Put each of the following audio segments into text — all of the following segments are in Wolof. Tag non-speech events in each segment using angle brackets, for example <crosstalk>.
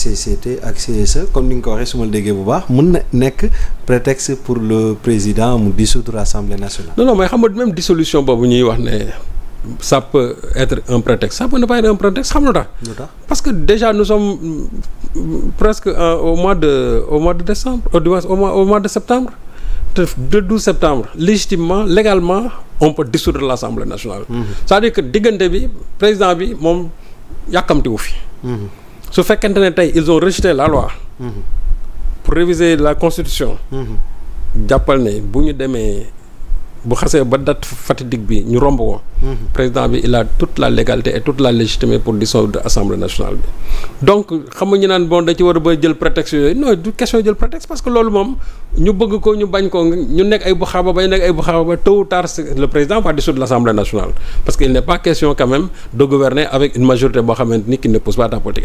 CCT ak CSE comme ni nga ko waxee su ma déggee bu baax mën na nekk prétexte pour le président mu dissoudre l'Assemblée nationale. non non mais xam nga même dissolution boobu ñuy wax ne ça peut être un prétexte ça peut ne pas un prétexte xam nga lu tax. parce que déjà nous sommes presque au mois de au mois de décembre euh, au mois au mois de septembre. te le 12 septembre légitimement légalement on peut dissoudre l'Assemblée nationale. Mm-hmm. cest diggante bi président bi moom yàkkamtiwu fi. Mm-hmm. su fekkante ne tey ils ont rejeté la loi. Mm-hmm. pour réviser la constitution. Mm-hmm. jàppal ne bu ñu demee bu xasee ba date fatidique bi ñu romb ko. Mhm. président bi il tout toute la légalité et toute la légitimité pour dissoudre assemblée nationale bi. donc xam naan bon ci war a ba jël prétexte yooyu non du question jël prétexte parce que loolu moom ñu bëgg ko ñu bañ ko ñu nekk ay bu xaaba ba ñu nekk ay bu xaaba ba tôt ou tard le président va dissoudre l' assemblée nationale. parce que il n' est pas question quand même de gouverner avec une majorité boo xamante ni ne pousse pas ta politique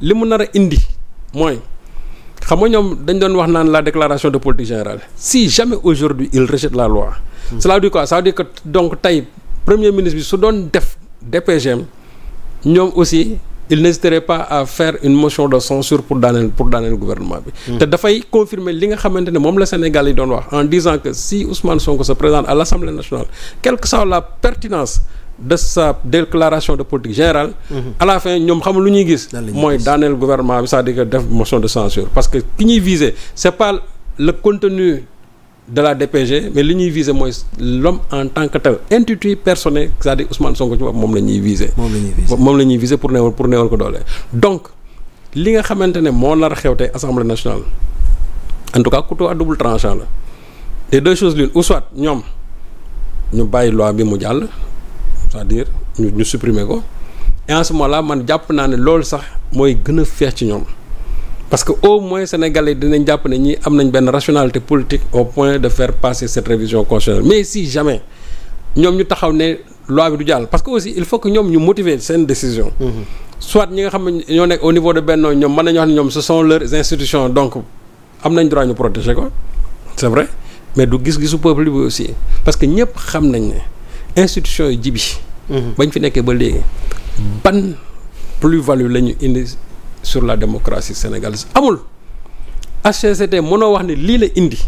li mu a indi mooy. xam nga ñoom dañu doon wax naan la déclaration de politique générale si jamais aujourd'hui il rejette la loi mmh. cela veut dire que donc tey premier ministre bi su doon def DPGM ñoom aussi il n'hésiterait pas à faire une motion de censure pour daaneel pour daaneel gouvernement bi hmm. te dafay confirmer li nga xamante ne moom la Sénégal yi doon wax en disant que si Ousmane Sonko se présente à l'Assemblée nationale quelle que soit la pertinence de sa déclaration de politique générale. Mm-hmm. à la ñoom xam lu ñuy gis. mooy daaneel gouvernement bi c'est-à-dire que def motion de censure parce que ki ñuy viser c'est pas le contenu de la DPG mais li ñuy viser mooy l'homme en tant que tel intitut personnel c'est-à-dire Ousmane Sonko ci bopp moom la ñuy viser. moom la ñuy viser moom la ñuy viser pour neewal pour neewal ko doole. donc li nga xamante ne moo nar a xew tey assemblée nationale en tout cas couteau à double tranchant la les deux choses l'une ou soit ñoom ñu bàyyi loi bi mu jàll. c'est-à-dire ñu ñu supprimer ko et en ce moment là man jàpp naa ne loolu sax mooy gën a feex ci ñoom parce que au moins sénégalais dinañ jàpp ne ñi am nañ benn rationalité politique au point de fair passer cette révision constitutionnelle mais si jamais ñoom ñu taxaw ne loi bi du jàll parce que aussi il faut que ñoom ñu motiver seen décision mm-hmm. soit ñi nga xam ne ñoo nekk au niveau de Benno ñoom mën nañu wax ne ñoom ce sont leurs institutions donc am nañ droit ñu protéger ko c'est vrai mais du gis-gisu peuple bi aussi parce que ñëpp xam nañ ne institution yi jibi Mm-hmm. bañ fi nekkee ba léegi ban plus-value la ñu indi sur la démocratie sénégalaise amul HCCT mënoo wax ne lii la indi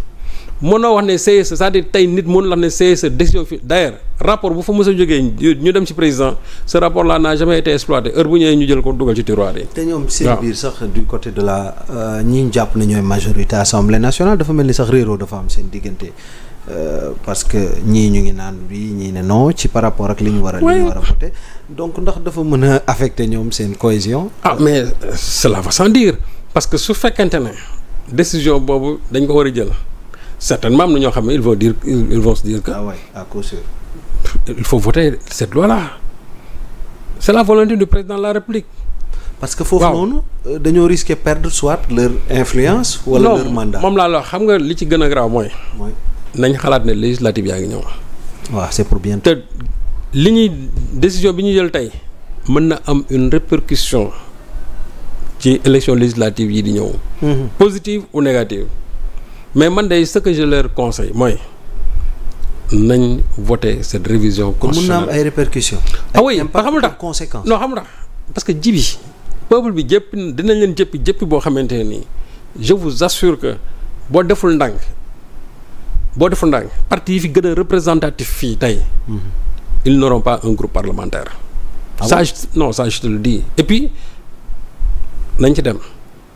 mënoo wax ne CSE c'est-à-dire tey nit mënul ne CSE décision fi d'ailleurs rapport bu fa mos a jógee ñu dem ci président ce rapport là n'a jamais été exploité heure bu ñëwee ñu jël ko dugal ci tiroir te ñoom seen biir sax du côté de la euh, ñi ñu jàpp ne ñooy majorité assemblée nationale dafa mel ni sax réeroo dafa am seen diggante. Euh, parce que ñii ñu ngi naan bi ñii ne non ci par rapport ak li ñu war a li ñu war a voté donc ndax dafa mën a affecté ñoom seen cohésion ah mais cela va sans diir parce que su fekkente ne décision boobu dañ ko war a jël certainement am na ñoo xam ne ils vont dire ils vont se dire que ah la volonté du président de la République parce que foofu noonu euh, dañoo risquer perdre soit leur influence wala leur mandat moom laa la xam nga li ci gën a grave mooy nañ xalaat ne législative yaa ngi ñëw. waaw c'est pour bientôt. te li ñuy décision bi ñu jël tey mën na am une répercussion ci élection législative yi di ñëw. Mhm. positive ou négative. mais man day ce que je leur conseille mooy nañ voter cette révision. constitutionnelle mun na ay répercussions. ah oui xam nga conséquences non xam nga parce que ji bi. bi jëpp dinañ leen jëppi jëpp boo xamante ne nii je vous assure que boo deful ndànk. boo defoon ndànk parti yi fi gën a représentatif fii tey mhm. ils n'auront pas un groupe parlementaire ah ça non ça je te le dis et puis nañ ci dem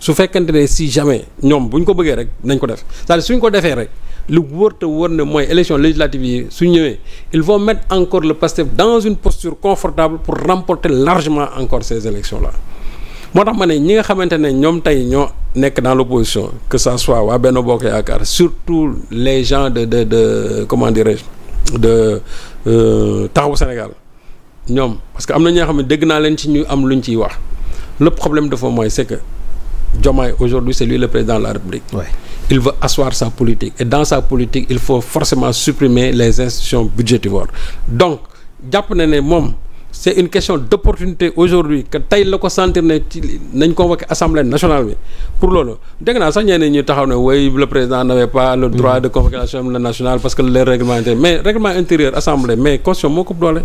su fekkente ne si jamais ñoom bu ñu ko bëggee rek nañ ko def cest à suñ ko defee rek lu wóor te wóor ne mooy élection législative yi su ñëwee ils vont mettre encore le PASTEF dans une posture confortable pour remporter largement encore ces élections la moo tax ma ne ñi nga xamante ne ñoom tey ñoo nekk dans l'opposition que ça soit waa Benno Bokk Yaakaar surtout les gens de de de comment dirais-je de euh, Taxawu Sénégal ñoom parce que am na ñoo xam ne dëgg naa leen ci ñu am luñ ciy wax le problème de fond mooy c'est que Diomaye aujourd'hui c'est lui le président de la République ouais. il veut asseoir sa politique et dans sa politique il faut forcément supprimer les institutions budgétivores donc jàpp na ne moom c' est une question d' opportunité aujourd'hui que tey la ko sentir ne ci nañ convoqué assemblée nationale bi pour loolu dégg naa sax ñeneen ñi taxaw ne way le président n'avait pas le droit de convoquer l'assemblée nationale parce que les règlements intérieurs mais règlement intérieur assemblée mais constitution moo ko doole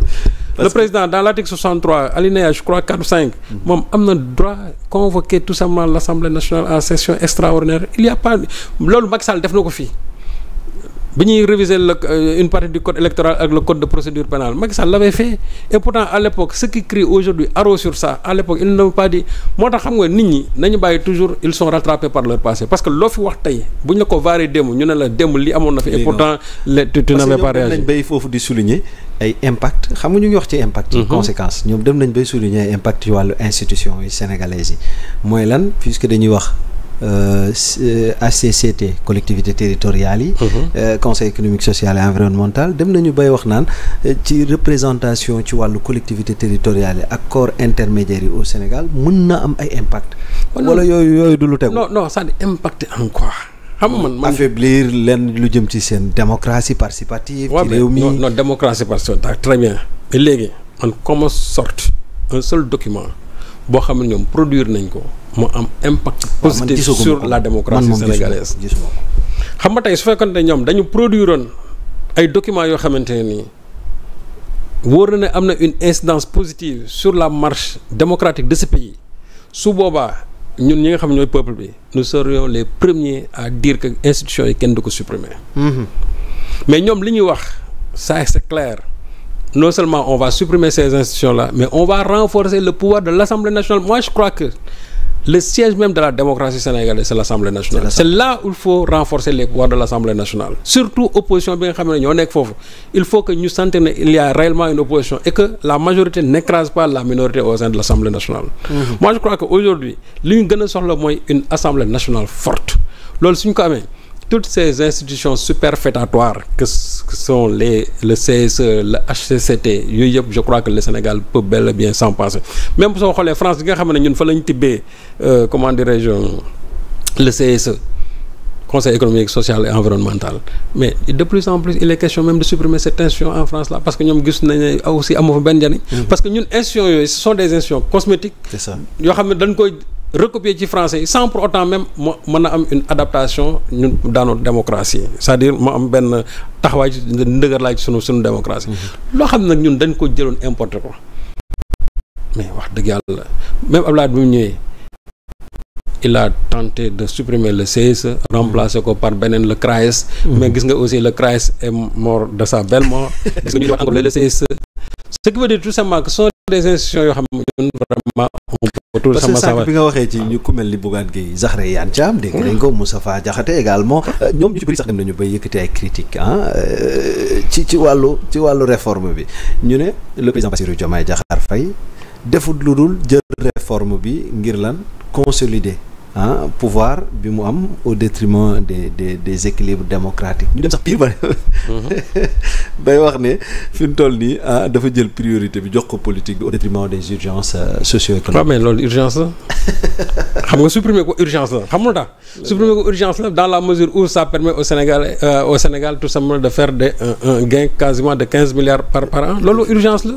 le président dans l'article 63 alinéa je crois 4 5 moom am na droit convoquer tout simplement l'assemblée nationale en session extraordinaire il y a pas def na ko fii bi ñuy réviser le euh, une partie du code électoral ak le code de procédure pénale Macky Sall l'avait fait et pourtant à l'époque ceux qui crient aujourd'hui haro sur ça à l'époque ils n'ont pas dit moo tax xam nga nit ñi nañu bàyyi toujours ils sont rattrapés par leur passé parce que loo fi wax tey bu ñu la ko vaaree démb ñu ne la démb li amoon na fi et pourtant les tu n'avais pas réagi nañ bay foofu di souligner ay impact xam nga ngi wax ci impact yi mhm. conséquence ñoom dem nañ bay souligner impact ci wàllu institution yi sénégalaise yi mooy lan puisque dañuy wax HCCT euh, collectivité territoriale yi mhm. euh, conseil économique social et environnemental dem nañu bay wax naan euh, ci représentation ci wàllu collectivité territoriale yi ak corps intermédiaires yi au Sénégal mën na am ay impact oh wala yooyu yooyu du lu tegu non non ça impacté en quoi xam man man affaiblir leen lu jëm ci seen démocratie participative ci réew mi non démocratie participative ah, très bien mais léegi man comment sort un seul document boo xam ñoom produir nañ ko mu am impact positif sur la démocratie sénégalaise xam nga tey su fekkoon ne ñoom dañu produiroon ay documents yoo xamante ne nii wóor na ne am na une incidence positive sur la marche démocratique de ce pays su boobaa ñun ñu nga xam ñooy peuple bi nu serions les premiers à dire que institutions yi kenn du ko supprimer mhm. mais ñoom li ñuy wax ça c'est clair non seulement on va supprimer ces institutions là mais on va renforcer le pouvoir de l'Assemblée nationale moi que le siège même de la démocratie sénégalaise c'est l'Assemblée nationale c'est là où il faut renforcer les de l'Assemblée nationale surtout opposition bi nga xam ne ñoo nekk foofu il faut que ñu sentir ne il y a une opposition et que la majorité n'écrase pas la minorité au sein de l'Assemblée nationale mmh. je crois que aujourd'hui li ñu gën soxla mooy une Assemblée nationale forte loolu suñ ko amee toutes ces institutions superfétatoires que sont les le CSE le HCCT yooyu yëpp je crois que le Sénégal peut bel et bien s'en passer même soo xoolee France bi nga xam ne ñun fa la ñu tibbee euh, comment dirais-je le CSE conseil économique social et environnemental mais de plus en plus il est question même de supprimer cette institution en France là parce que ñoom gis nañ ne aussi amoo fa benn njëriñ mm-hmm. parce que ñun institutions yooyu ce sont des institutions cosmétiques recopier ci français yi sans pour autant même ma mën a am une adaptation ñun dans notre démocratie c'est-à-dire ma am benn taxawaay ci ndëgër laaj sunu suñu démocratie mhm. loo xam nag ñun dañ ko jëloon importé ko mais wax dëgg yàlla même Abdoulaye bi mu ñëwee il a tenté de supprimer le CSE remplacer ko par beneen le CRAES mhm. mais gis nga aussi le CRAES est mort de sa belle mort <laughs> gis nga ñu wax encore le CSE ce qui veut dire tout simplement que des institutions yoo xam ne parce que sànq bi nga waxee ci ñu ku mel ni Bougane Gueye Zahra Iyane Thiam dégg nañ ko Moustapha Diakhaté également euh, ñoom ci bëri sax dem nañu bay yëkkati ay critiques ah ci ci wàllu ci wàllu reforme bi ñu ne le président Bassirou Diomaye Diakhar Faye defut lu dul jël réforme bi ngir lan consolider ah pouvoir bi mu am au détriment des des des équilibres démocratiques ñu dem sax pire ba day wax ne fi mu toll nii ah dafa jël priorité bi jox ko politique bi au détriment des urgences euh, socio-économiques. waaw mais loolu urgence la xam nga supprimer ko urgence la xam nga tax supprimer ko urgence la dans la mesure où ça permet au Sénégal euh, au Sénégal tout simplement de faire de un, gain quasiment de quinze milliards par par an loolu urgence la.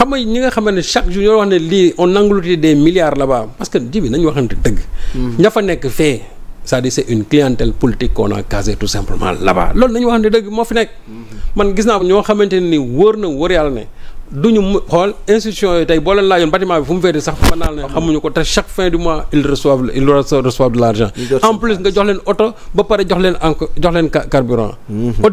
xam nga ñi nga xam ne chaque jour ñoo wax ne lii on engloutit des milliards là-bas parce que ji bi nañu waxante dëgg. Hmm. ña fa nekk fee. cest à c'est une clientèle politique qu'on a tout simplement là-bas nañu waxante dëgg moo fi nekk. Hmm. man gis naa ko ñoo xamante ne ni wóor na wóor yàlla ne. duñu mu xool institution yooyu tey boo leen laajoon bâtiment bi fu mu féete sax mën naa leen xamuñu ko te chaque fin du mois ils reçoivent de l'argent en plus nga jox leen oto jox leen en jox leen carburant hmm.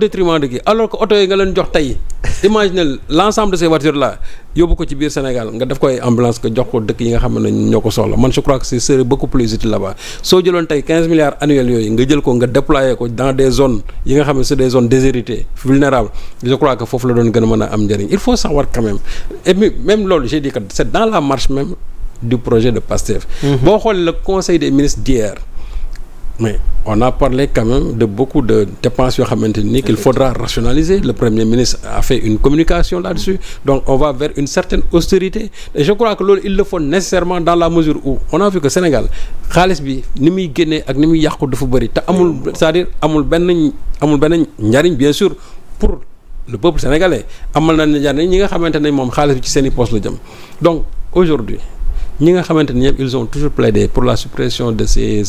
<laughs> yóbbu ko ci biir Sénégal nga def ko ambulance ko jox ko dëkk yi nga xam ne ñoo ko soxla man je crois que ce serait beaucoup plus utile là soo jëloon tey 15 milliards annuels yooyu nga jël ko nga déployer ko dans des zones yi nga xam ne c'est des zones déshéritées vulnérables je crois que foofu la doon gën a mën a am njëriñ il faut savoir quand même et puis loolu j'ai dit dans la marche même du projet de PASTEF. Mm-hmm. boo xoolee le conseil des ministres mais on a parlé quand même de beaucoup de dépenses yoo xamante ni qu'il faudra rationaliser le premier ministre a fait une communication là-dessus mm-hmm. donc on va vers une certaine austérité et je crois que loolu il le faut nécessairement dans la mesure où on a vu que Sénégal xaalis bi ni muy génnee ak ni muy yàqu dafa bëri te amul mm-hmm. cest amul benn amul benn njariñ bien sûr pour le peuple sénégalais amal na njariñ ñi nga xamante ne moom xaalis bi ci seeni i poste la jëm donc aujourd'hui ñi nga xamante ni pour la suppression de ces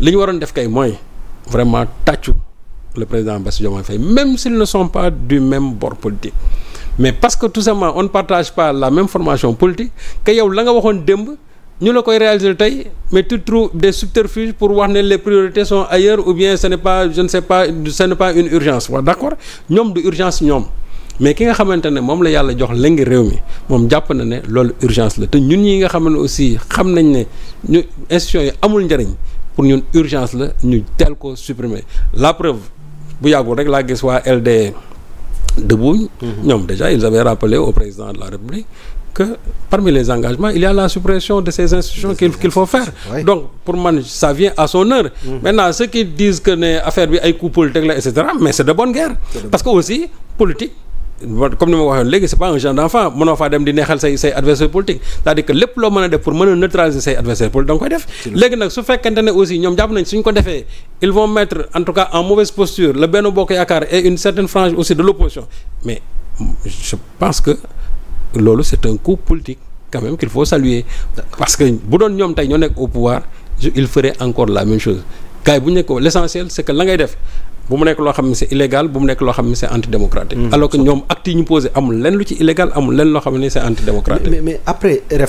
li ñu waroon def kay mooy vraiment tàccu le président Bassirou Diomaye Faye même s'ils ne sont pas du même bord politique mais parce que tout simplement on partage pas la même formation politique que yow la nga waxoon démb ñu la koy réaliser tey mais tu trouves des subterfuges pour wax ne les priorités sont ailleurs ou bien ce n'est pas je ne sais pas ce n'est pas ñoom du urgence mais ki nga xamante ne moom la yàlla jox léegi réew mi moom jàpp na ne loolu urgence la te ñun ñi nga xam ne aussi xam nañ ne ñu institutions yi amul njëriñ pour ñun urgence la ñu teel ko supprimer la preuve bu yàggul rek laa gis waa LD Debout mhm. ñoom déjà ils avaient rappelé au président de la République que parmi les engagements il y a la suppression de ces institutions qu'il qu'il faut faire oui. donc pour man ça vient à son heure mhm. maintenant ceux qui disent que ne affaire bi ay coup politique la et cetera mais c'est de bonne guerre parce que aussi politique comme ni ma ko waxee léegi c'est pas un genre d'enfant mënoo faa dem di neexal say adversaire politique c'est-à-dire que lépp loo mën a def pour mën a neutraliser say adversaire politique da koy def léegi nag su fekkente ne aussi ñoom jàpp nañ suñ ko defee ils vont mettre en tout cas en mauvaise posture le Benno Bokk Yaakaar et une certaine frange aussi de l'opposition mais je pense que loolu c'est un coup politique quand même qu'il faut saluer parce que bu doon ñoom tey ñoo nekk encore la même bu ñu nekk l'essentiel c'est la ngay def bu mu nekk loo xam ne c'est illégal bu mu nekk loo xam ne c'est antidémocratique mm. alors que ñoom acte ñu posé amul lenn lu ci illégal amul lenn loo xam ne c'est antidémocratique mais mais